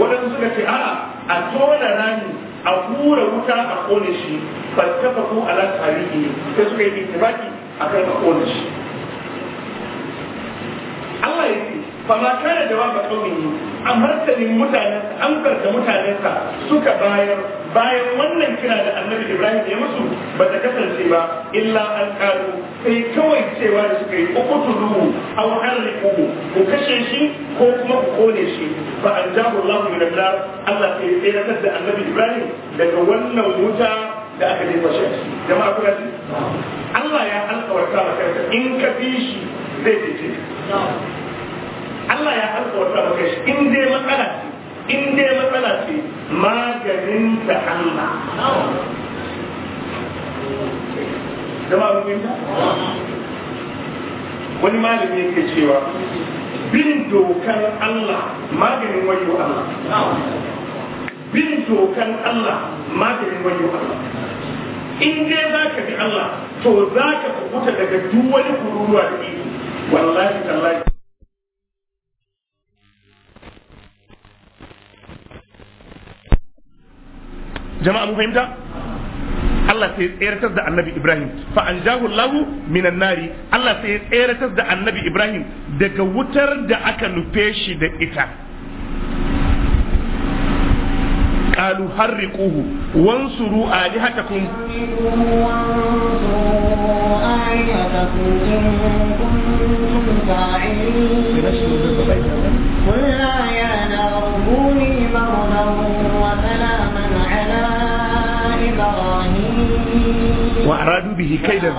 waɗansu suka ce a a tona rami a hura wuta a kone shi fattafa ko ala ne sai suka yi a kai a kone shi fama kana jawaba kaumihi a martanin mutanen amsar da mutanensa suka bayar bayan wannan kira da annabi ibrahim ya musu ba ta kasance ba illa an kalu sai kawai cewa da suka yi ukutulu aw harriquhu ku kashe shi ko kuma ku kone shi fa anjahu allah min an-nar allah sai ya tsayar da annabi ibrahim daga wannan wuta da aka jefa shi jama'a kuna ji Allah ya alƙawarta maka in ka bi shi zai dace Allah ya alƙawarta maka shi in dai matsala ce in dai matsala ce maganin ta Allah zama rukunta wani malami yake cewa bin dokan Allah maganin wayo Allah bin dokan Allah maganin wayo Allah in dai za ka bi Allah to za ka kubuta daga duk wani kururuwa da iko wallahi tallahi jama'a mu fahimta Allah sai tseratar da annabi Ibrahim fa anjahu Allahu minan nari Allah sai tseratar da annabi Ibrahim daga wutar da aka nufe shi da ita qalu harriquhu wansuru alihatakum قل لا يا نار كوني بردا وسلاما وأرادوا به كيدا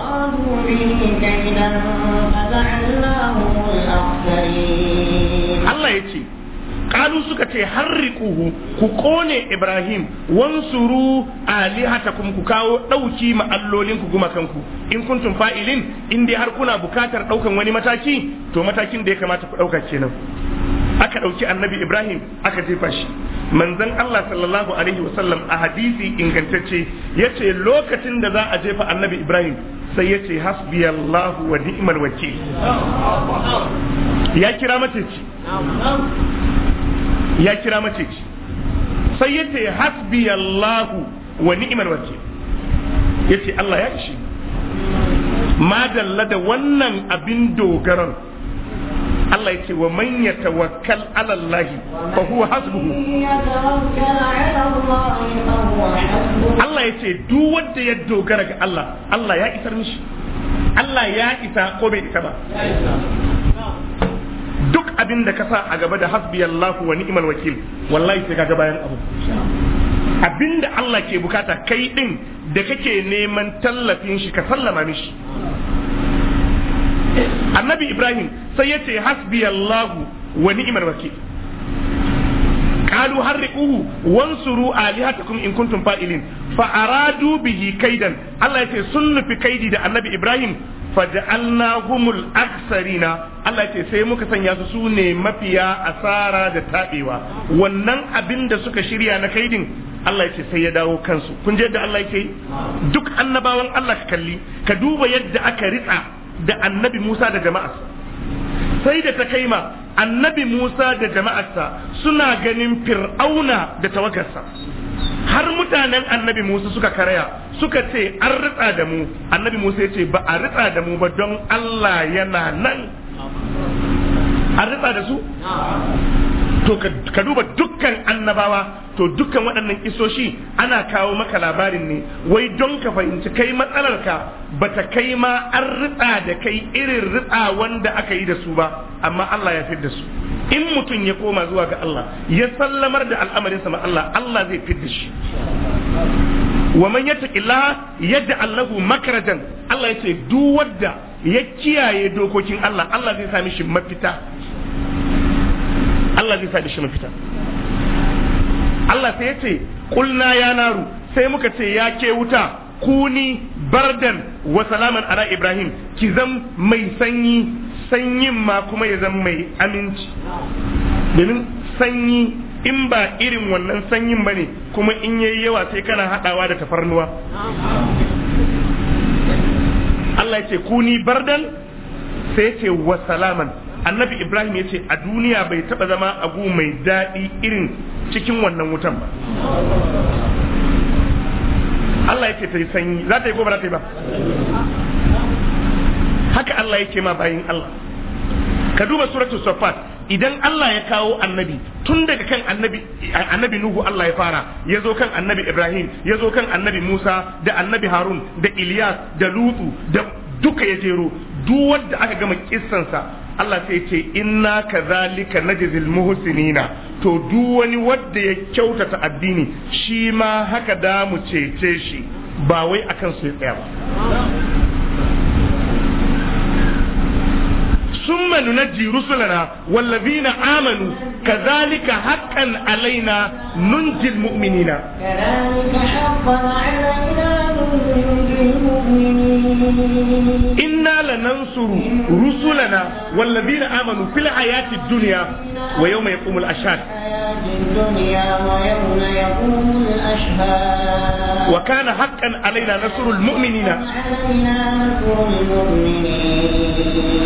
الله يتي قالوا سكتي حرقوه كقوني إبراهيم وانصروا آلهتكم كاو دوكي ما اللولين كما كنكو إن كنتم فائلين إن دي هركونا بكاتر دوكا وني متاكي تو متاكين دي كما تقول أوكا كينا أكا دوكي النبي إبراهيم أكا تيباشي Manzan Allah sallallahu alaihi wasallam a hadisi ingantacce ya ce lokacin da za a jefa annabi Ibrahim sai ya ce yace hasbiyallahu wa ni'mal wakil ya kira mateci ya kira mateci sai yace hasbiyallahu wa ni'mal wakil ce Allah ya ishi ma dalla da wannan abin dogaran Allah ya ce wa man yatawakkal ala Allah fa huwa hasbuhu Allah ya ce duk wanda ya dogara ga Allah Allah ya isar mishi Allah ya isa ko bai isa ba duk abin da ka sa a gaba da hasbi Allah wa ni'mal wakil wallahi sai kaga bayan abu abin da Allah ke bukata kai din da kake neman tallafin shi ka sallama mishi annabi ibrahim sai ya ce hasbi allahu wa ni'mal wakil qalu harriquhu wansuru alihatakum in kuntum fa'ilin fa aradu bihi kaidan allah ya ce sun nufi kaidi da annabi ibrahim فجعلناهم الأكثرين الله يتي سي موكا سانيا سوني مافيا أسارا دا تابيوا ونن أبين دا سوكا شريا نكايدين الله يتي سي يداو كنسو كن جد الله يتي دوك أنباوان kalli ka duba yadda aka ritsa. da annabi Musa da jama'arsa sai da ta kai ma annabi Musa da jama'arsa suna ganin fir'auna da tawagarsa har mutanen annabi Musa suka karaya suka ce an ritsa da mu annabi Musa ya ce ba a ritsa da mu ba don Allah yana nan an ritsa da su to ka duba dukkan annabawa to dukkan waɗannan isoshi ana kawo maka labarin ne wai don ka fahimci kai matsalarka bata kai ma an ritsa da kai irin ritsa wanda aka yi da su ba amma Allah ya fidda su in mutum ya koma zuwa ga Allah ya sallamar da al'amarinsa ma Allah Allah zai fidda shi wa man yadda Allah yaj'al lahu makrajan Allah yace duk wanda ya kiyaye dokokin Allah Allah zai sa mishi mafita Allah zai sa shi mafita Allah sai ya ce kulna ya naru sai muka ce ya ke wuta kuni bardan wa salaman ala ibrahim ki zam mai sanyi sanyin ma kuma ya zam mai aminci domin sanyi in ba irin wannan sanyin ba ne kuma in yayi yawa sai kana haɗawa da tafarnuwa Allah ya ce kuni bardan sai ce wa salaman annabi ibrahim ya ce a duniya bai taba zama abu mai daɗi irin cikin wannan wutan ba Allah yake ta yi sanyi za ta yi ko za ta yi ba haka Allah yake ma bayin Allah ka duba suratul safat idan Allah ya kawo annabi tun daga kan annabi annabi Nuhu Allah ya fara ya zo kan annabi Ibrahim ya zo kan annabi Musa da annabi Harun da Ilyas da Lutu da duka ya jero duk wanda aka gama kissansa Allah sai ce inna kadhalika najzil muhsinina to duk wani wanda ya kyautata addini shi ma haka da mu cece shi ba wai akan su ya tsaya ba summa nunajji rusulana wallazina amanu كذلك حقا علينا ننجي المؤمنين كذلك لننصر رسلنا والذين آمنوا في الحياة الدنيا ويوم يقوم الأشهاد وكان حقا علينا نصر المؤمنين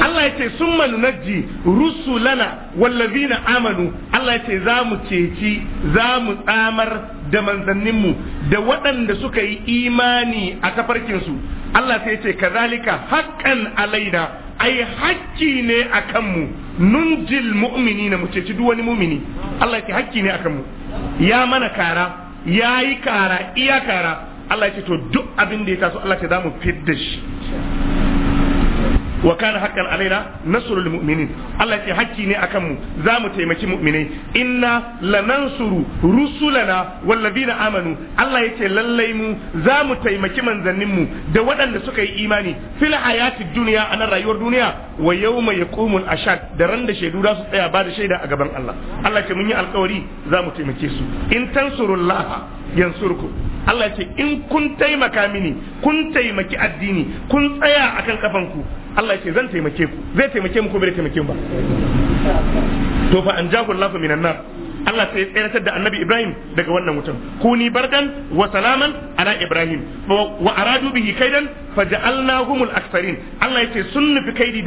الله يتي ثم ننجي رسلنا والذين آمنوا الله يتي زامو تيتي زامو آمر da manzanninmu da waɗanda suka yi imani a tafarkinsu Allah sai ce kazalika haƙƙan alaina ai hakki ne akan mu nunjil mu'minina mu ce duk wani mu'mini Allah ce hakki ne akan mu ya mana kara yayi kara iya kara Allah ya ce to duk abin da ya taso Allah ce za mu fidda shi wa kana haqqan alaina nasrul mu'minin Allah ya hakki ne akan mu za mu taimaki mu'minai inna lanansuru rusulana wallazina amanu Allah ya ce lallai mu za mu taimaki manzannin mu da waɗanda suka yi imani fil hayati duniya a nan rayuwar duniya wa yawma yaqumul ashad da ran da shaidu za su tsaya ba da shaida a gaban Allah Allah ce mun yi alkawari za mu taimake su in tansurullah surku. Allah ce in kun taimaka mini kun taimaki addini kun tsaya kan kafanku Allah ce zan taimake ku zai taimake mu ko bai taimake mu ba to fa anjahu lafa minan nar Allah sai tsayar da Annabi Ibrahim daga wannan wutan kuni bardan wa salaman ala Ibrahim wa aradu bihi kaidan faja'alnahumul aktharin Allah yace sun nufi kaidi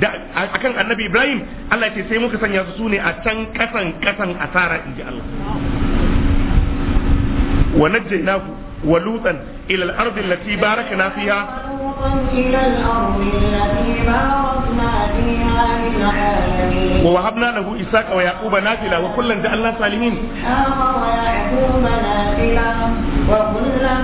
da akan Annabi Ibrahim Allah yace sai muka sanya su ne a can kasan kasan asara inji Allah ونجيناه ولوطا إلى الأرض التي باركنا فيها ووهبنا له إسحاق ويعقوب نافلة وكلا جعلنا سالمين ويعقوب نافلة وكلا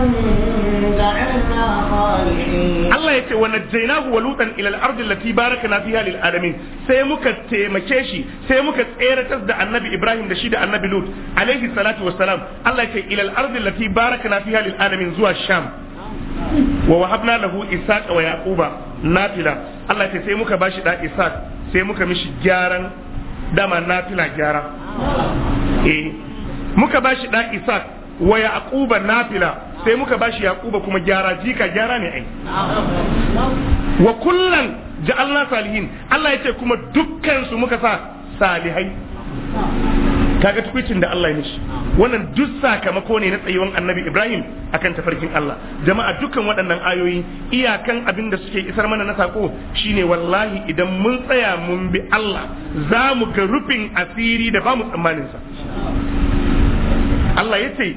جعلنا صالحين الله يتي ونجيناه ولوطا إلى الأرض التي باركنا فيها للعالمين سيمك تيمكيشي سيمك تيرتز دع النبي إبراهيم دشيد النبي لوط عليه الصلاة والسلام الله يتي إلى الأرض التي باركنا فيها للعالمين زوى الشام wa wahabna lahu isaq wa yaquba nafila Allah ce sai muka bashi da isaq sai muka mishi gyaran dama nafila gyara eh muka bashi da isaq wa yaquba nafila sai muka bashi yaquba kuma gyara jika gyara ne ai wa kullan ja'alna salihin Allah yace kuma dukkan su muka sa salihai kaga tukuicin da Allah ya mishi wannan duk sakamako ne na tsayuwan annabi ibrahim akan tafarkin allah jama'a dukkan waɗannan ayoyi iyakan abin da suke isar mana na sako shine wallahi idan mun tsaya mun bi allah za mu ga rufin asiri da ba mu tsammaninsa allah ya ce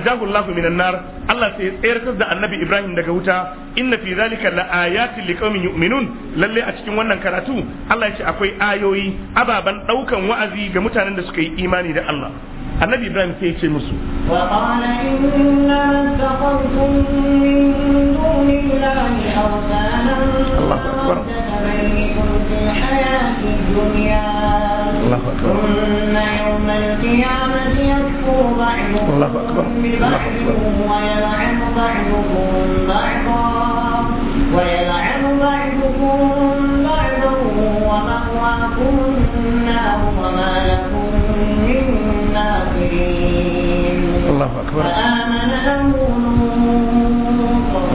nar allah sai tsayar da annabi ibrahim daga wuta inna fi zalika la ayatin liqaumin yu'minun lalle a cikin wannan karatu Allah ya ce akwai ayoyi ababan daukan wa'azi ga mutanen da suka yi imani da Allah النبي ibrahim sai ya ce وقال إنما اتخذتم من دون الله أوثانا الله أكبر في الحياة الدنيا الله أكبر ثم يوم القيامة يكفر بعضكم الله أكبر ببعض ويلعن بعضكم بعضا ويلعن بعضكم بعضا ومأواكم النار وما لكم الكافرين الله أكبر فآمن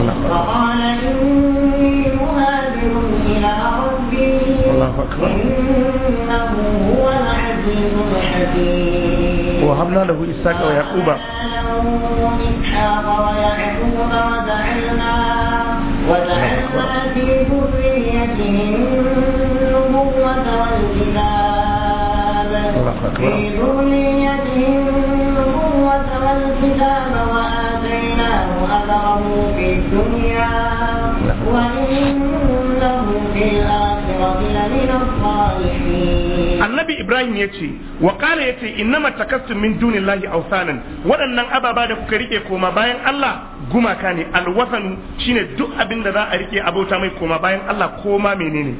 له وقال إني مهاجر إلى ربي الله أكبر إنه هو العزيز الحكيم وهبنا له إسحاق ويعقوب إسحاق ويعقوب وجعلنا وجعلنا في ذريته النبوة والكتاب في Annabi Ibrahim ya ce, wa ƙala ya ce, in nama min duni lahi ausanin waɗannan ababa da kuka riƙe koma bayan Allah gumaka ne alwasanu shine duk abin da za a riƙe abota mai koma bayan Allah koma menene.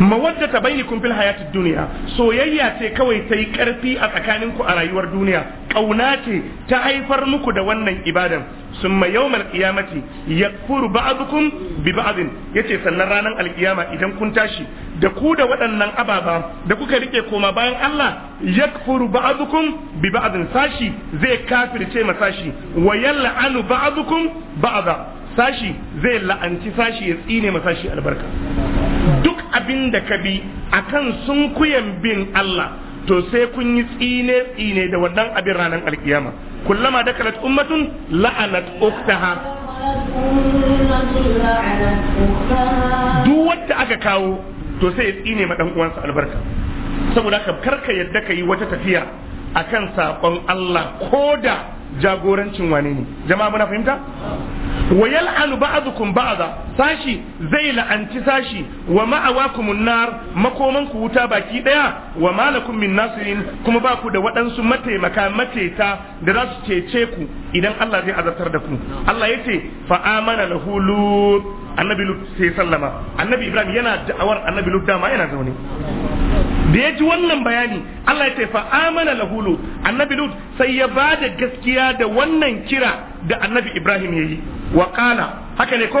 mawaddata bainakum fil hayati dunya soyayya ce kawai ta yi karfi a tsakanin ku a rayuwar duniya kauna ce ta haifar muku da wannan ibadan summa yawmal qiyamati yakfuru ba'dukum bi ba'din yace sannan ranar alkiyama idan kun tashi da ku da waɗannan ababa da kuka rike koma bayan Allah yakfuru ba'dukum bi ba'din sashi zai kafirce ma sashi wa yal'anu ba'dukum ba'da sashi zai la'anci sashi ya tsine ma sashi albarka abin da ka bi akan sun kuyan bin Allah to sai kun yi tsine tsine da wannan abin ranar alkiyama kullama dakalat ummatun la'anat uktaha duk wanda aka kawo to sai ya tsine ma dan uwansa albarka saboda haka karka yadda ka yi wata tafiya akan saƙon Allah koda jagorancin wane ne jama'a muna fahimta wa yal'anu ba'dukum ba'da sashi zai la'anci sashi wa ma'awakum nar makoman ku wuta baki daya wa malakum min nasirin kuma ba ku da waɗansu mataimaka mateta da za su cece ku idan Allah zai azabtar da ku Allah yace fa amana lahu lut annabi lut sai sallama annabi ibrahim yana da'awar annabi lut dama yana zaune da ya ji wannan bayani Allah ya ce fa amana lahu lut annabi lut sai ya ba da gaskiya da wannan kira da annabi Ibrahim yayi wa qala haka ne ko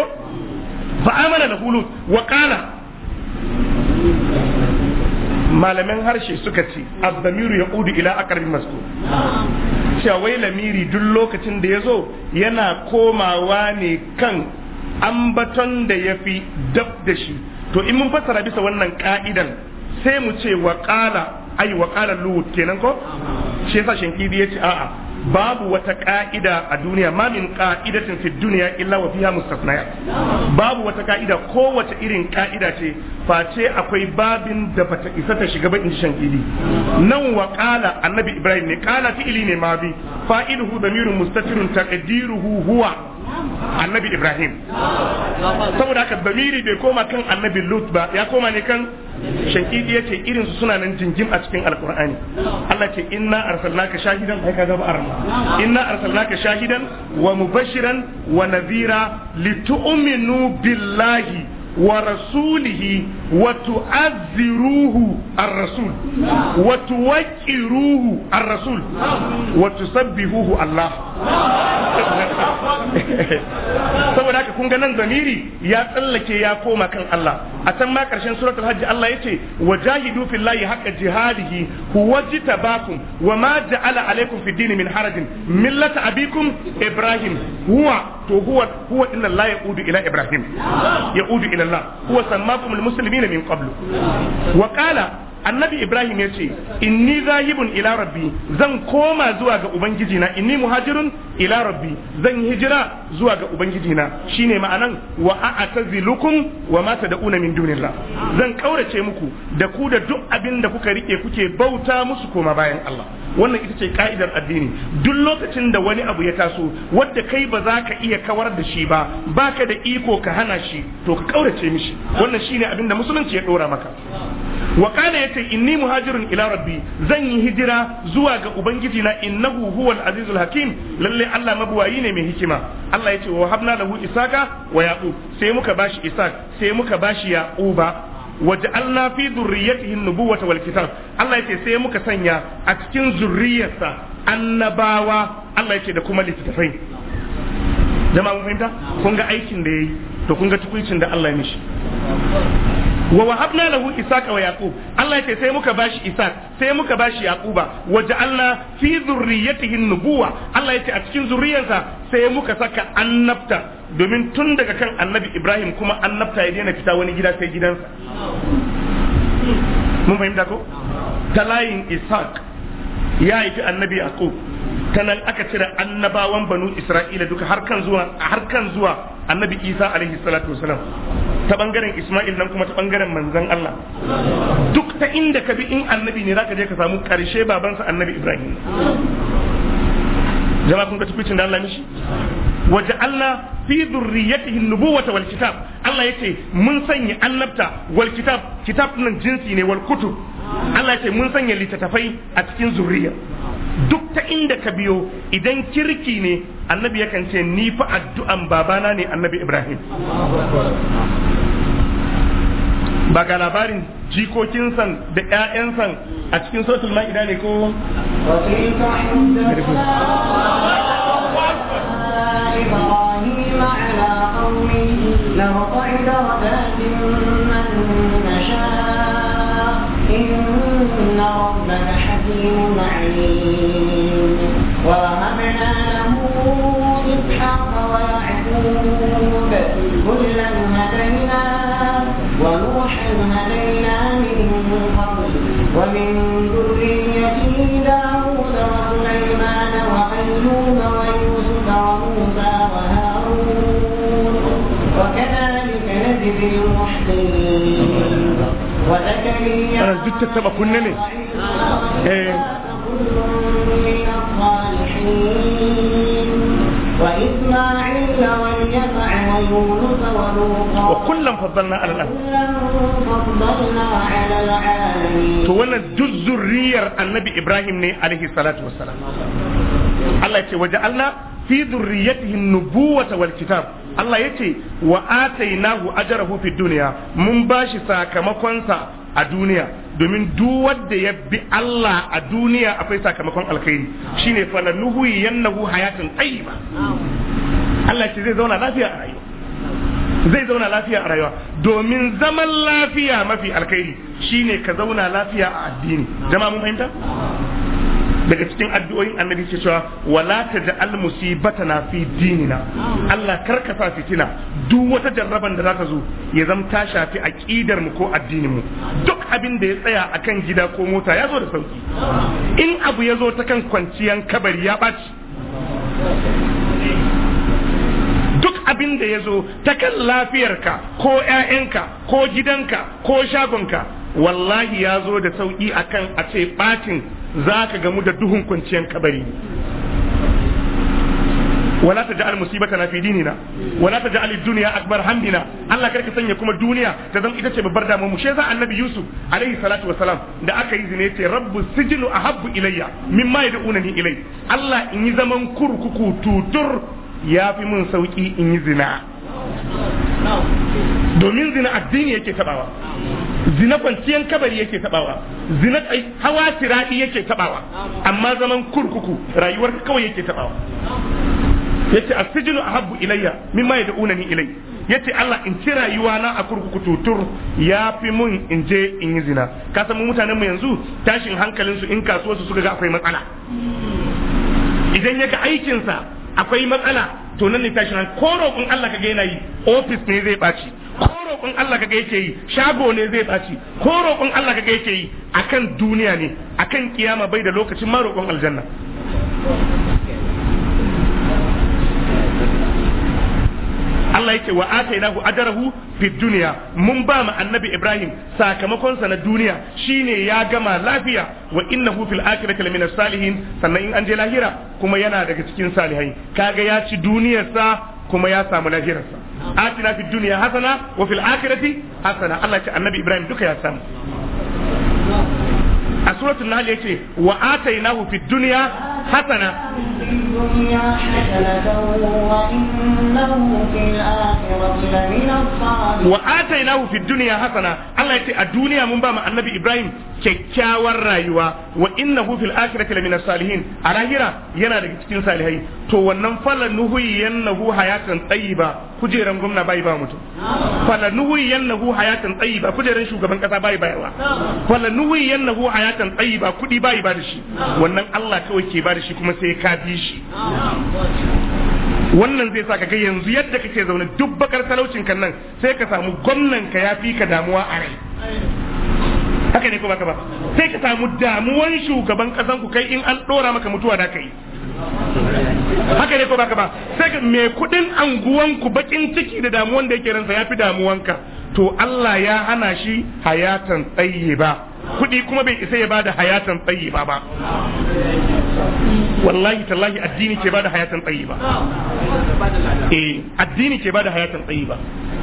fa amana lahu lut wa qala malamin harshe suka ce azzamiru ya udu ila akarbi masu cewa wai lamiri duk lokacin da ya zo yana komawa ne kan ambaton da ya fi dab da shi to in mun fassara bisa wannan ka'idan sai mu ce wa qala ai wa qala lut kenan ko shi yasa shinkidi ce a'a babu wata ka'ida a duniya ma min ka'idatin fi duniya illa wa fiha mustasnaya babu wata ka'ida wata irin ƙa'ida ce face akwai babin da bata isa ta shiga ba in shankili nan wa qala annabi ibrahim ne qala fi'ili ne ma bi fa'iluhu damirun mustatirun taqdiruhu huwa annabi ibrahim saboda haka bamiri bai koma kan annabi lut ba ya koma ne kan shankidi yace irin su suna nan jingim a cikin alqur'ani Allah ce inna arsalnaka shahidan kai kaga ba arma inna arsalnaka shahidan wa mubashiran wa nadhira litu'minu billahi wa rasulihi وتعذروه الرسول وتوقروه الرسول وتسبحوه الله saboda haka kun ga zamiri ya tsallake ya koma kan Allah a can ma karshen suratul hajji Allah ya ce yace wajahidu fillahi haqqa jihadihi huwa jitabakum wa ma ja'ala alaykum fid din min harajin millata abikum ibrahim huwa to huwa huwa inna la yaudu ila ibrahim yaudu ila Allah huwa sammakum almuslimin المسلمين من قبل وقال annabi ibrahim ya ce inni zahibun ila rabbi zan koma zuwa ga ubangiji na inni muhajirun ila rabbi zan hijira zuwa ga ubangiji na shine ma'anan wa a'tazilukum wa ma tad'una min dunillah zan kaurace muku da ku da duk abin da kuka rike kuke bauta musu koma bayan Allah wannan ita ce ka'idar addini duk lokacin da wani abu ya taso wanda kai ba za ka iya kawar da shi ba baka da iko ka hana shi to ka kaurace mishi wannan shine abin da musulunci ya dora maka wa kana yace inni muhajirin ila Rabi zan yi hijira zuwa ga ubangiji na innahu huwal azizul hakim lalle Allah mabuwayi ne mai hikima Allah yace wa habna lahu isaka wa yaqub sai muka bashi isak sai muka bashi yaquba waj'alna fi dhurriyyatihi an-nubuwata wal kitab Allah yace sai muka sanya a cikin zurriyarsa annabawa Allah yace da kuma littafai jama'a mun fahimta kun ga aikin da yayi to kun ga tukuicin da Allah ya mishi wa wahabna lahu Isaka wa yaqub Allah ya ce sai muka bashi Isak sai muka bashi yaquba wa ja'alna fi zurriyyatihi nubuwa Allah ya ce a cikin zuriyarsa sai muka saka annabta domin tun daga kan annabi Ibrahim kuma annabta ya daina fita wani gida sai gidansa mun fahimta ko ta layin isaq ya haifi annabi yaqub ta nan aka cire annabawan banu isra'ila duka har kan zuwa har kan zuwa annabi isa alaihi salatu wasalam ta bangaren isma'il nan kuma ta bangaren manzan allah duk ta inda ka bi in annabi ne zaka je ka samu karshe babansa annabi ibrahim jama'a kun ga tukucin da allah mishi waje Allah fi zurriyatihi nubuwata wal kitab Allah yace mun sanya annabta wal kitab kitab nan jinsi ne wal kutub Allah yace mun sanya littattafai a cikin zuriya duk ta inda ka biyo idan kirki ne annabi yakan ce ni fa addu'an babana ne annabi ibrahim ba ga labarin jikokin san da ƴaƴan a cikin sautul ma'ida ne ko إبراهيم duk ta taba kunne ne eh وإسماعيل فضلنا على العالمين تو wannan duk zurriyar annabi Ibrahim ne alaihi salatu wassalam Allah ya ce waje fi zurriyatihi nubuwata kitab Allah ya ce wa atainahu ajrahu fid dunya mun bashi sakamakonsa a duniya domin duk wanda ya bi Allah a duniya akwai sakamakon alkhairi shine falanuhu yannahu hayatan tayyiba Allah ce zai zauna lafiya a rayuwa zai zauna lafiya a rayuwa domin zaman lafiya mafi alkhairi shine ka zauna lafiya a addini jama'a mun fahimta daga cikin addu'o'in annabi ke cewa wala taj'al na fi dinina Allah karka sa fitina duk wata jarraban da za zaka zo ya zama ta shafi aqidar mu ko addinin mu duk abin da ya tsaya akan gida ko mota ya zo da sauki in abu ya zo ta kan kwanciyan kabari ya baci duk abin da ya zo ta kan lafiyarka ko 'ya'yanka ko gidanka ko shagonka wallahi ya zo da sauki akan a ce ɓacin za ka gamu da duhun kwanciyar kabari wala ta ja'al musibatana fi dinina wala ta ja'al dunya akbar hamdina Allah karka sanya kuma duniya ta zama ita ce babbar damu mu za annabi Yusuf alaihi salatu wassalam da aka yi zine ce rabbu sijnu ahabbu ilayya mimma yad'unani ilay Allah in yi zaman kurkuku tutur yafi mun sauki in yi zina domin zina addini yake tabawa zina kwanciyan kabari yake tabawa zina hawa siradi yake tabawa amma zaman kurkuku rayuwar kawai yake tabawa yace asijinu ahabbu ilayya mimma yad'unani ilay yace Allah in ci rayuwa na a kurkuku tutur ya fi mun in je in yi zina ka san mu mutanen mu yanzu tashin hankalin su in kasuwar su suka ga akwai matsala idan ya ga aikinsa akwai matsala to nan ne tashin hankali ko roƙon Allah ka ga yana yi ofis ne zai ɓaci ko roƙon Allah kaga yake yi shago ne zai ɓaci ko roƙon Allah kaga yake yi akan duniya ne akan kiyama bai da lokacin ma roƙon aljanna Allah yake wa atainahu ajrahu fid dunya mun ba mu annabi Ibrahim sakamakon na duniya shine ya gama lafiya wa innahu fil akhirati lamina salihin sannan in an je lahira kuma yana daga cikin salihai kaga ya ci duniyarsa kuma ya samu lahirarsa atina fid duniya hasana wa fil akhirati hasana Allah ya ce annabi Ibrahim duka ya samu a suratul nahl yace wa atainahu fid dunya حسنة وآتيناه في الدنيا حسنة الله يتي الدنيا من بام النبي إبراهيم kyakkyawar rayuwa wa innahu fil akhirati lamina salihin a lahira yana daga cikin salihai to wannan fala nuhuyiyannahu hayatan tayyiba kujeran gwamna bai ba mutum fala nuhuyiyannahu hayatan tayyiba kujeran shugaban kasa bai bayarwa fala nuhuyiyannahu hayatan tayyiba kudi bai ba da shi wannan Allah kawai ke ba da shi kuma sai ka bi shi wannan zai sa ka ga yanzu yadda kake zaune duk bakar talaucin kan nan sai ka samu gwamnan ka ya fi ka damuwa a rai haka ne ko baka ba sai ka samu damuwan shugaban kasan ku kai in an dora maka mutuwa da kai haka ne ko baka ba sai ka me kudin anguwan ku bakin ciki da damuwan da yake ransa ya fi damuwanka to Allah ya hana shi hayatan tsayi ba kuɗi kuma bai isa ya ba da hayatan tsayi ba ba wallahi tallahi addini ke bada hayatan tsayi ba eh addini ke bada hayatan tsayi ba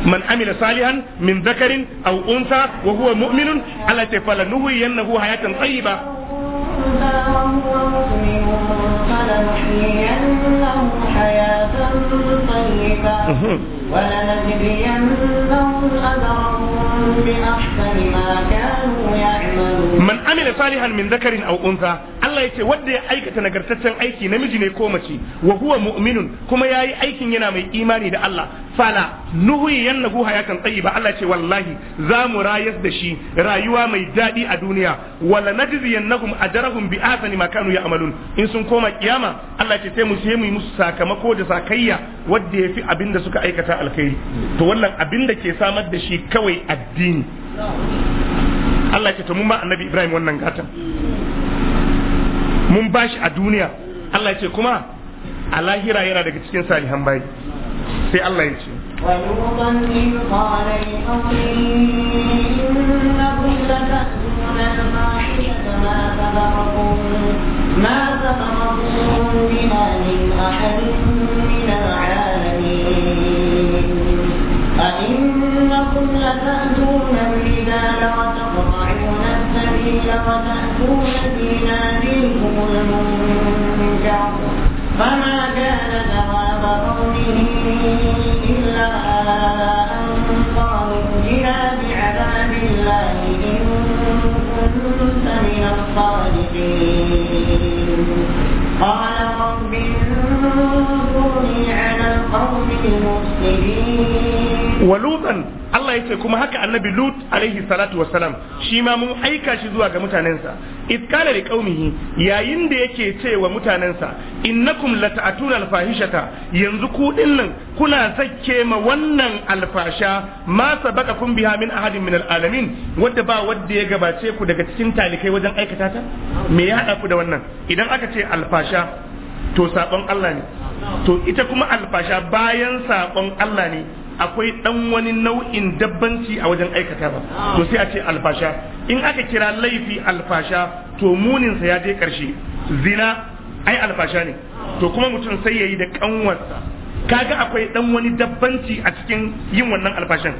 man amila salihan min zakarin aw unsa wa huwa mu'minun ala ta falanuhu yannahu hayatan tayyiba فلنحيينه uhuh. حياة طيبة ولنجزينهم أجرهم بأحسن ما كانوا يعملون من عمل صالحا من ذكر أو أنثى Allah ya ce wanda ya aikata nagartaccen aiki namiji ne ko mace wa huwa mu'minun kuma yayi aikin yana mai imani da Allah fala nuhiyannahu hayatan tayyiba Allah ce wallahi za mu rayas da shi rayuwa mai daɗi a duniya wala a ajrahum bi ahsani ma kanu ya'malun in sun koma kiyama Allah ce sai mu mu yi musu sakamako da sakayya wanda yafi fi da suka aikata alkhairi to wannan abinda ke samar da shi kawai addini Allah ce to mun ma annabi Ibrahim wannan gatan mun ba shi a duniya Allah ya ce kuma a lahira yana daga cikin salihan bayi sai Allah ya ce أئنكم لتأتون الرجال وتقطعون السبيل وتأتون في ناديكم المنكر فما كان ثواب قومه إلا أن قالوا ائتنا بعذاب الله إن كنت من الصادقين قال رب انظرني على القوم المفسدين ولوطا Allah ya ce kuma haka annabi Lut alaihi salatu salam shi ma mun aika shi zuwa ga mutanensa iskalar kana qaumihi yayin da yake cewa mutanensa innakum lata'atuna alfahishata yanzu ku dinnan kuna sakke ma wannan alfasha ma kun biha min ahadin min alalamin wadda ba wadda ya gabace ku daga cikin talikai wajen aikata ta me ya hada ku da wannan idan aka ce alfasha to sabon Allah ne to ita kuma alfasha bayan sabon Allah ne akwai dan wani nau'in dabbanci a wajen aikata ba to sai a ce alfasha in aka kira laifi alfasha to muninsa ya je ƙarshe, zina ai alfasha ne to kuma mutum sai yayi da kanwarsa kaga akwai ɗan wani dabbanci a cikin yin wannan alfashan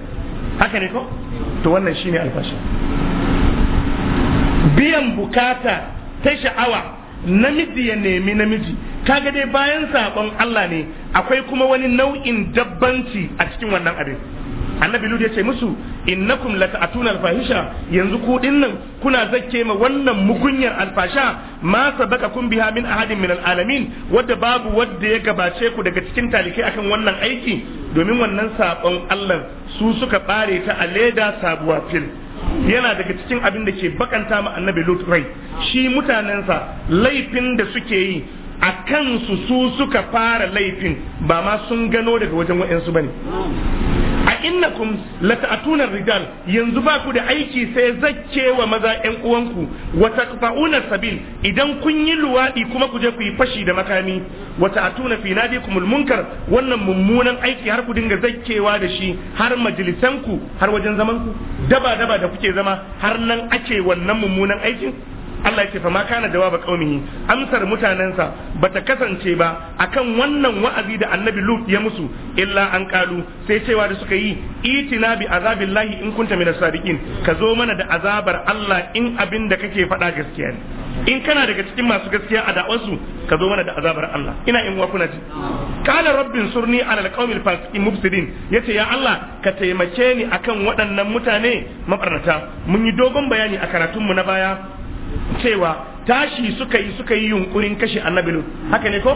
haka ne ko to wannan shine alfasha biyan bukata ta sha'awa namiji ya nemi namiji kaga dai bayan sakon Allah ne akwai kuma wani nau'in dabbanci a cikin wannan abin annabi lud ya ce musu innakum lata'atuna alfahisha yanzu ku dinnan kuna zakke ma wannan mugunyar alfasha ma kun biha min ahadin min alalamin wadda babu wadda ya gabace ku daga cikin talikai akan wannan aiki domin wannan sakon Allah su suka bare ta a leda sabuwa fil yana daga cikin abin da ke bakanta ma annabi lut rai shi mutanensa laifin da suke yi a kansu su suka fara laifin ba ma sun gano daga wajen wa'ansu ne. innakum lata'atuna rijal yanzu ba ku da aiki sai zacce wa maza ƴan uwanku wa taqfa'una sabil idan kun yi luwadi kuma ku je ku yi fashi da makami wa ta'atuna fi nadikumul munkar wannan mummunan aiki har ku dinga zakkewa da shi har majalisanku har wajen zaman daba daba da kuke zama har nan ake wannan mummunan aikin Allah ya ce fa ma kana jawaba qaumihi amsar mutanensa bata kasance ba akan wannan wa'azi da annabi Lut ya musu illa an kalu sai cewa da suka yi itina bi azabillahi in kunta minas sadiqin ka zo mana da azabar Allah in abin da kake faɗa gaskiya ne in kana daga cikin masu gaskiya a da'awarsu ka zo mana da azabar Allah ina in kuna ji kana rabbin surni ala alqaumil fasiqin mubsidin yace ya Allah ka taimake ni akan waɗannan mutane mabarnata mun yi dogon bayani a karatunmu na baya cewa tashi suka yi suka yi yunkurin kashe annabi lut haka ne ko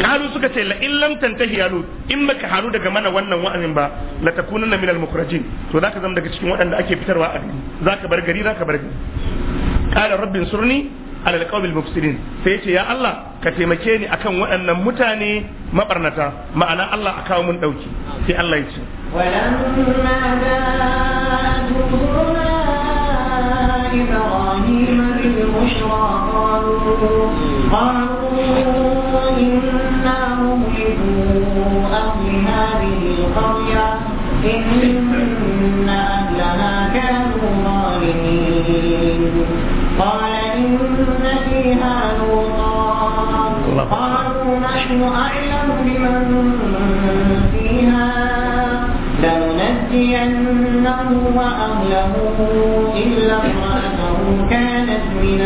kalu suka ce la in lam tantahi ya lut in baka haru daga mana wannan wa'azin ba la takunanna minal mukhrajin to zaka zama daga cikin waɗanda ake fitarwa a gari zaka bar gari zaka bar gari qala rabbi surni على القوم المفسدين فيت يا الله كتمكيني اكن وان متاني ما برنتا معنى الله اكاو من دوكي في الله يتي ولما جاء ابراهيم بالبشرى قالوا انا مهلكوا اهل هذه القريه ان لنا كانوا ظالمين فيها نوطا قالوا نحن أعلم بمن فيها لننجينه وأهله إلا امرأته كانت من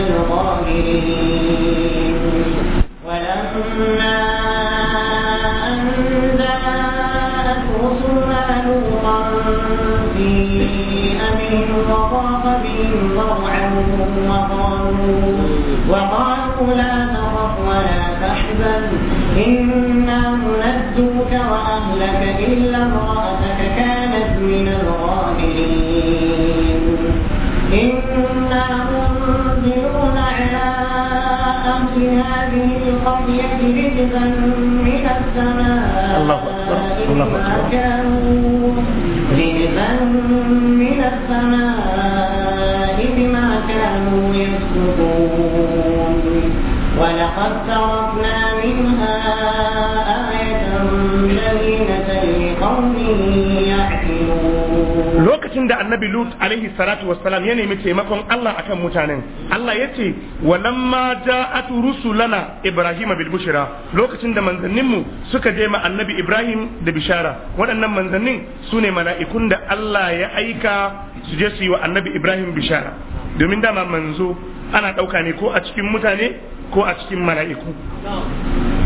كنزا من السماء الله أكبر الله annabi lut alaihi salatu wassalam ya nemi taimakon Allah akan mutanen Allah ya ce wa walamma ja'atu rusulana ibrahim bil bushra lokacin da manzannin mu suka je ma annabi ibrahim da bishara waɗannan manzannin su ne mala'ikun da Allah ya aika su je su yi wa annabi ibrahim bishara domin dama manzo ana ɗauka ne ko a cikin mutane ko a cikin mala'iku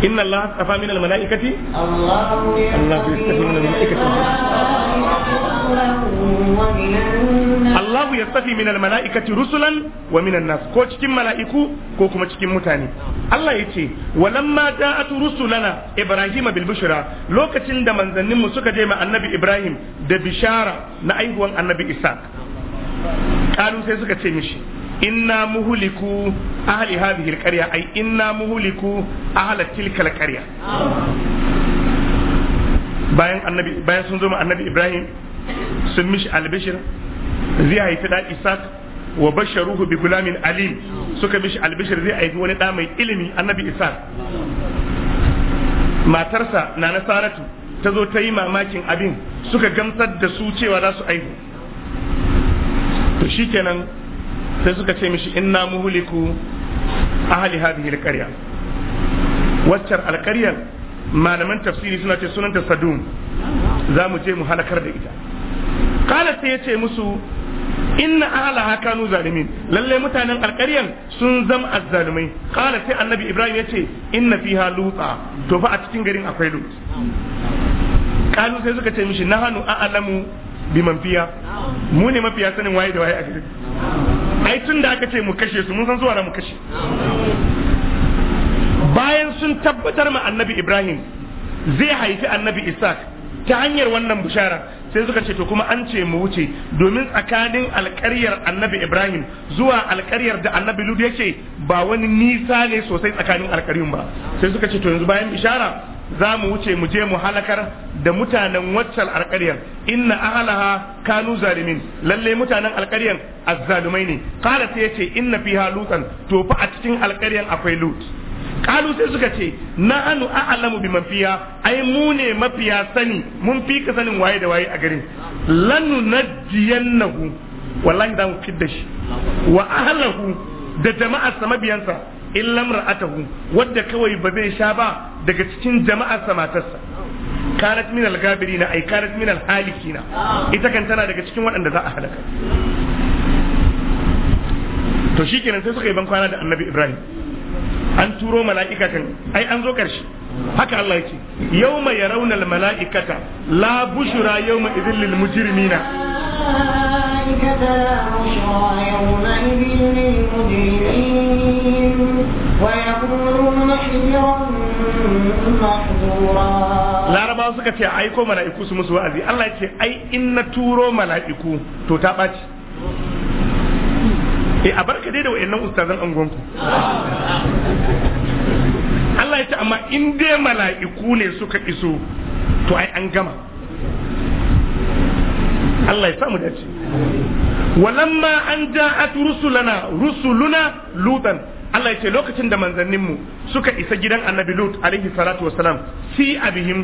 inna Allah astafa min al mala'ikati Allah yastafi min al mala'ikati Allahu ya safi min almala'ikati rusulan wa minan nas ko cikin mala'iku ko kuma cikin mutane Allah ya ce walamma da'atu rusulana Ibrahim bil bushra lokacin da manzannin mu suka je ma annabi Ibrahim da bishara na aihuwan annabi Isa kalu sai suka ce mishi inna muhliku ahli hadhihi alqarya ay inna muhliku ahli tilka alqarya bayan annabi bayan sun zo ma annabi Ibrahim sun mishi albishir zai haifi da isaac wa basharuhu bi gulamin alim suka mishi albishir zai haifi wani da mai ilimi annabi isaac matarsa na Saratu ta zo ta yi mamakin abin suka gamsar da su cewa za su aihu to shikenan sai suka ce mishi inna muhliku ahli hadhihi alqarya waccar alqaryar malaman tafsiri suna ce sunanta sadum za mu je mu halakar da ita kala sai ya ce musu inna ahlaha kanu zalimin lalle mutanen alƙaryan sun zama azzalumai kala sai annabi ibrahim ya ce inna fiha lutsa to fa a cikin garin akwai lut kalu sai suka ce mishi nahanu a'lamu biman fiya mu ne mafiya sanin waye da waye a garin ai tun da aka ce mu kashe su mun san zuwa mu kashe bayan sun tabbatar ma annabi ibrahim zai haifi annabi isaac ta hanyar wannan bishara sai suka ce to kuma an ce mu wuce domin tsakanin alƙaryar annabi ibrahim zuwa alƙaryar da annabi lud yake ba wani nisa ne sosai tsakanin alkaryun ba sai suka ce to yanzu bayan bishara za mu wuce mu je mu halakar da mutanen waccan alƙaryar inna ahalaha kanu zalimin lalle mutanen alƙaryar azzalumai ne qala sai yace inna fiha lutan to fa a cikin alƙaryar akwai lut kalu sai suka ce na anu a'lamu bi mafiya ai mu ne mafiya sani mun fi ka sanin waye da waye a garin lanu najiyannahu wallahi da mu fidda shi wa ahlahu da jama'ar sa mabiyansa illa ra'atahu wadda kawai ba zai sha ba daga cikin jama'ar sa matarsa kanat min al-gabirina ai kanat min al-halikina ita kan tana daga cikin waɗanda za a halaka to shikenan sai suka yi ban kwana da annabi ibrahim an turo mala'ika kan ai an zo karshe haka Allah yake yawma ya al mala'ikata la bushra yawma idhil lil mujrimina laraba suka ce aiko mala'iku su musu wa'azi Allah yake ai in na turo mala'iku to ta ɓaci eh a barka dai da wayannan ustazan angonku Allah ya ce amma in dai mala'iku ne suka iso to ai an gama Allah ya sa mu dace walamma an ja'at rusulana rusuluna lutan Allah ya ce lokacin da manzanninmu suka isa gidan annabi lut alaihi salatu wassalam fi abihim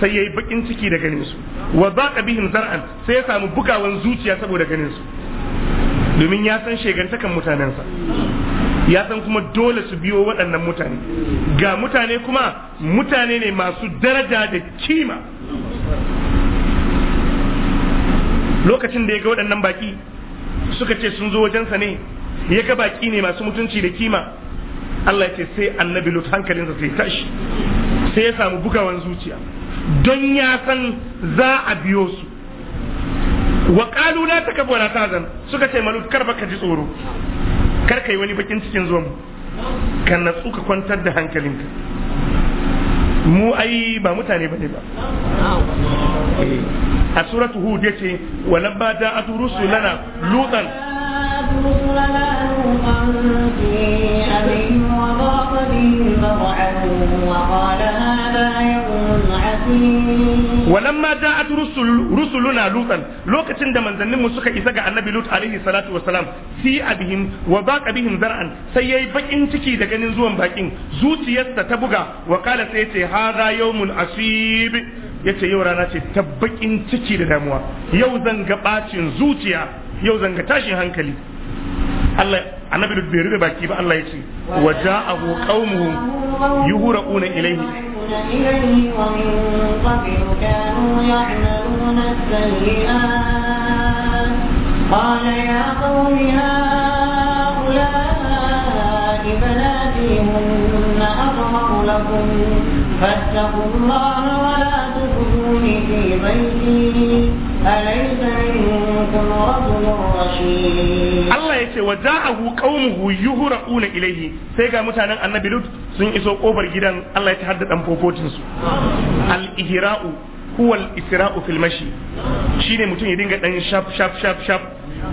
sai yayi bakin ciki da ganin su wa zaqa bihim zar'an sai ya samu bugawan zuciya saboda ganin su domin ya san shegantakan mutanensa ya san kuma dole su biyo waɗannan mutane ga mutane kuma mutane ne masu daraja da kima lokacin da ya ga waɗannan baki suka ce sun zo wajensa ne ya ga baki ne masu mutunci da kima Allah ya ce sai annabi lut hankalinsa sai tashi sai ya samu bugawan zuciya don ya san za a biyo su wa qalu la takab wa la suka ce malut kar baka ji tsoro kar kai wani bakin cikin zuwan ka natsu ka kwantar da hankalinka mu ai ba mutane bane ba a suratu hud yace walamma da'at rusulana lutan وقال هذا walamma ja'at rusul rusuluna lutan lokacin da manzannin mu suka isa ga annabi lut alaihi salatu wassalam fi abihim wa baqa bihim zar'an sai yayi bakin ciki da ganin zuwan bakin zuciyarsa ta buga wa qala sai yace hadha yawmun asib yace yau rana ce ta bakin ciki da damuwa yau zan ga bacin zuciya yau zan ga tashin hankali Allah annabi bai rube baki ba Allah ya ce wa ja'ahu qaumuhum yuhra'una ilayhi يتوبون إليه ومن قبل كانوا يعملون قال يا قوم هؤلاء بناتي هن أطهر لكم فاتقوا الله ولا تخزوني في ضيفي أليس منكم رجل رشيد الله يتي وجاءه قومه يهرؤون إليه سيقى متانا النبي لوط سن إسو أوبر جدا الله يتحدث أن فوفوتنسو الإهراء هو الإسراء في المشي شيني متون يدنغ أن شاب شاب شاب شاب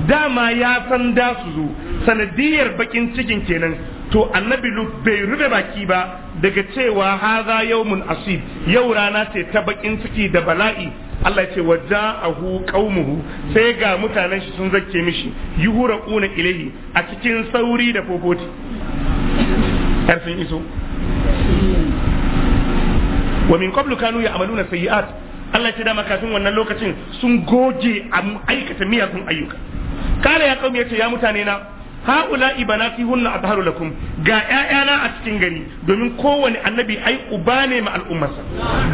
dama ya san da su zo sanadiyar bakin cikin kenan to annabi lut bai rufe baki ba daga cewa haza yawmun asib yau rana ce ta bakin ciki da bala'i Allah ce wa ja'ahu qaumuhu sai ga mutanen shi sun zakke mishi yuhuraquna ilahi a cikin sauri da fofoti har sun iso wa min qablu kanu ya'maluna sayi'at Allah ce dama kafin wannan lokacin sun goge aikata miyagun ayyuka kare ya kaumi yace ya mutane na haula ibanati hunna atharu lakum ga ƴaƴana a cikin gari domin kowane annabi ai uba ne ma al'ummarsa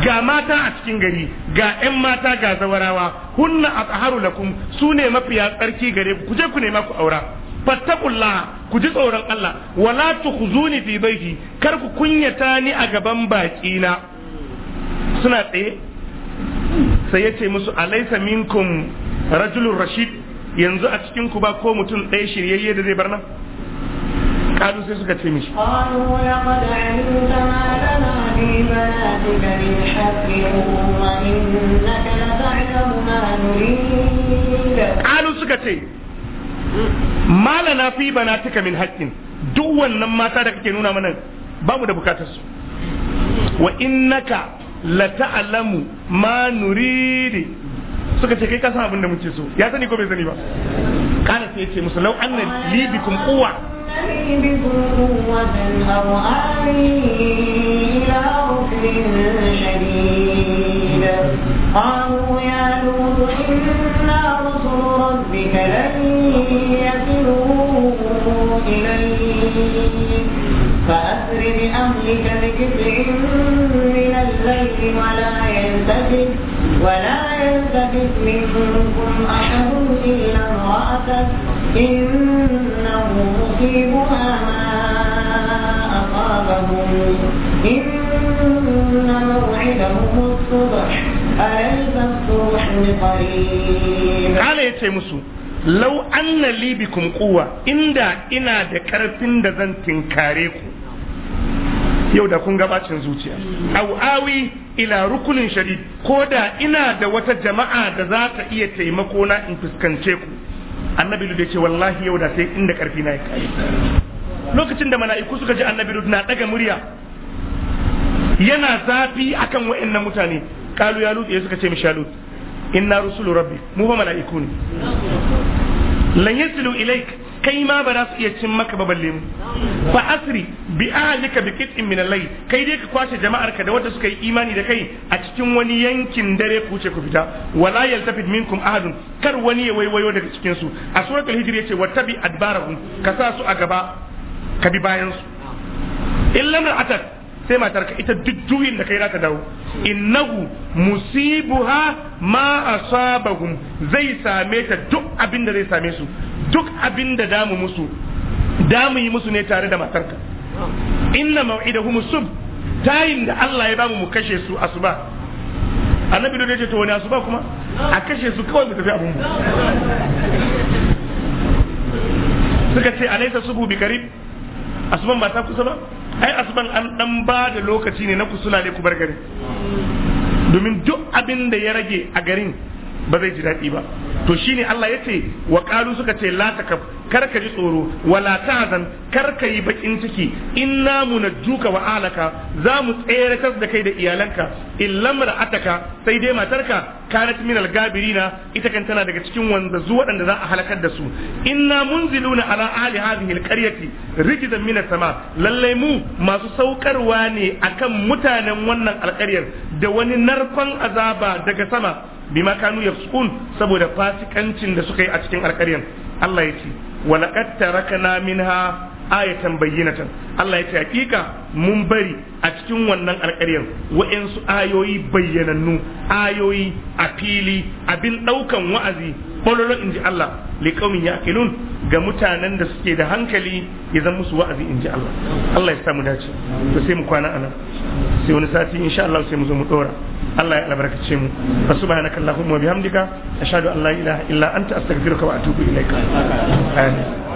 ga mata a cikin gari ga ƴan mata ga zawarawa hunna atharu lakum sune mafiya tsarki gare ku je ku nema ku aura fattaqullaha ku ji tsoron Allah wala tukhzuni fi baiti kar ku kunyata ni a gaban baki na suna tsaye sai ya ce musu alaysa minkum rajulun rashid yanzu a cikin ku ba ko mutum ɗaya shiryayye da zai bar nan kalu sai suka ce mishi kalu suka ce malana fi bana tuka min haƙƙin duk wannan mata da kake nuna mana ba mu da bukatar su wa innaka la ta'lamu ma nuridi suka ce kai ka san abin da muke so ya sani ko bai sani ba kana sai ce musu lau anna li bikum quwwa قالوا يا لوط إنا رسل ربك لن يصلوا إليك فأسر بأهلك بجزع من الليل ولا يلتفت ولا يلتفت منكم أحد إلا امرأته إنه مصيبها ما أصابهم إن موعدهم الصبح أليس الصبح بقريب عليه تيمسو لو أن لي بكم قوة إن دا إنا دا كرفين دا زنتين كاريكو yau da kun gabacin zuciya au awi ila rukunin shari ko da ina da wata jama'a da za ta iya taimako na in fuskance ku annabi da ce wallahi yau da sai inda karfi na ya kai lokacin da mala'iku suka ji annabi na daga murya yana zafi akan wa'annan mutane kalu ya lutse suka ce mishalu inna rusulu rabbi mu ba mala'iku ne lan yasilu ilaik kai ma ba za su iya cin maka ba balle mu fa asri bi ahlika bi qit'in min al-layl kai dai ka kwashe jama'ar ka da wanda suka yi imani da kai a cikin wani yankin dare ku ce ku fita wala yaltafit minkum ahadun kar wani ya waiwayo daga cikin su a suratul hijr yace wattabi adbarahum ka sa su a gaba ka bi bayan su illa atat sai matarka ita duk juyin da kai za ta dawo innahu musibuha ma asabahum zai same ta duk abin da zai same su duk abin da damu musu damu yi musu ne tare da matarka inna mau'idahum sub tayin da Allah ya bamu mu kashe su asuba annabi da ce to wani asuba kuma a kashe su kawai mu tafi abun mu suka ce alaysa subhu bi qarib asuban ba ta kusa ba ai asuban an dan ba da lokaci ne na ku ne ku bar garin domin duk abin da ya rage a garin ba zai ji daɗi ba to shine Allah ce wa qalu suka ce la takab kar ka ji tsoro wala tahzan kar ka yi bakin ciki inna munajjuka wa alaka za mu tseratar da kai da iyalanka illam ra'ataka sai dai matarka kanat min al-gabirina ita kan tana daga cikin wanzazu waɗanda za a halakar da su inna munziluna ala ahli hadhihi al-qaryati rijzan min as-sama lalle mu masu saukarwa ne akan mutanen wannan alkaryar da wani narkon azaba daga sama bima kanu yafsukun saboda fasikancin da suka yi a cikin alƙaryan Allah ya ce laqad tarakna minha ayatan bayyinatan Allah ya ce hakika mun bari a cikin wannan alƙaryar wa'insu ayoyi bayyanannu ayoyi a fili abin ɗaukan wa'azi ƙwararren in ji Allah liƙaumin ya akilun ga mutanen da suke da hankali ya zan musu wa'azi in ji Allah Allah ya samu dace to sai mu kwana anan sai wani sati insha Allah sai mu zo mu ɗora Allah ya albarkace mu fa subhanaka allahumma wa bihamdika ashhadu an la ilaha illa anta astaghfiruka wa atubu ilaika amin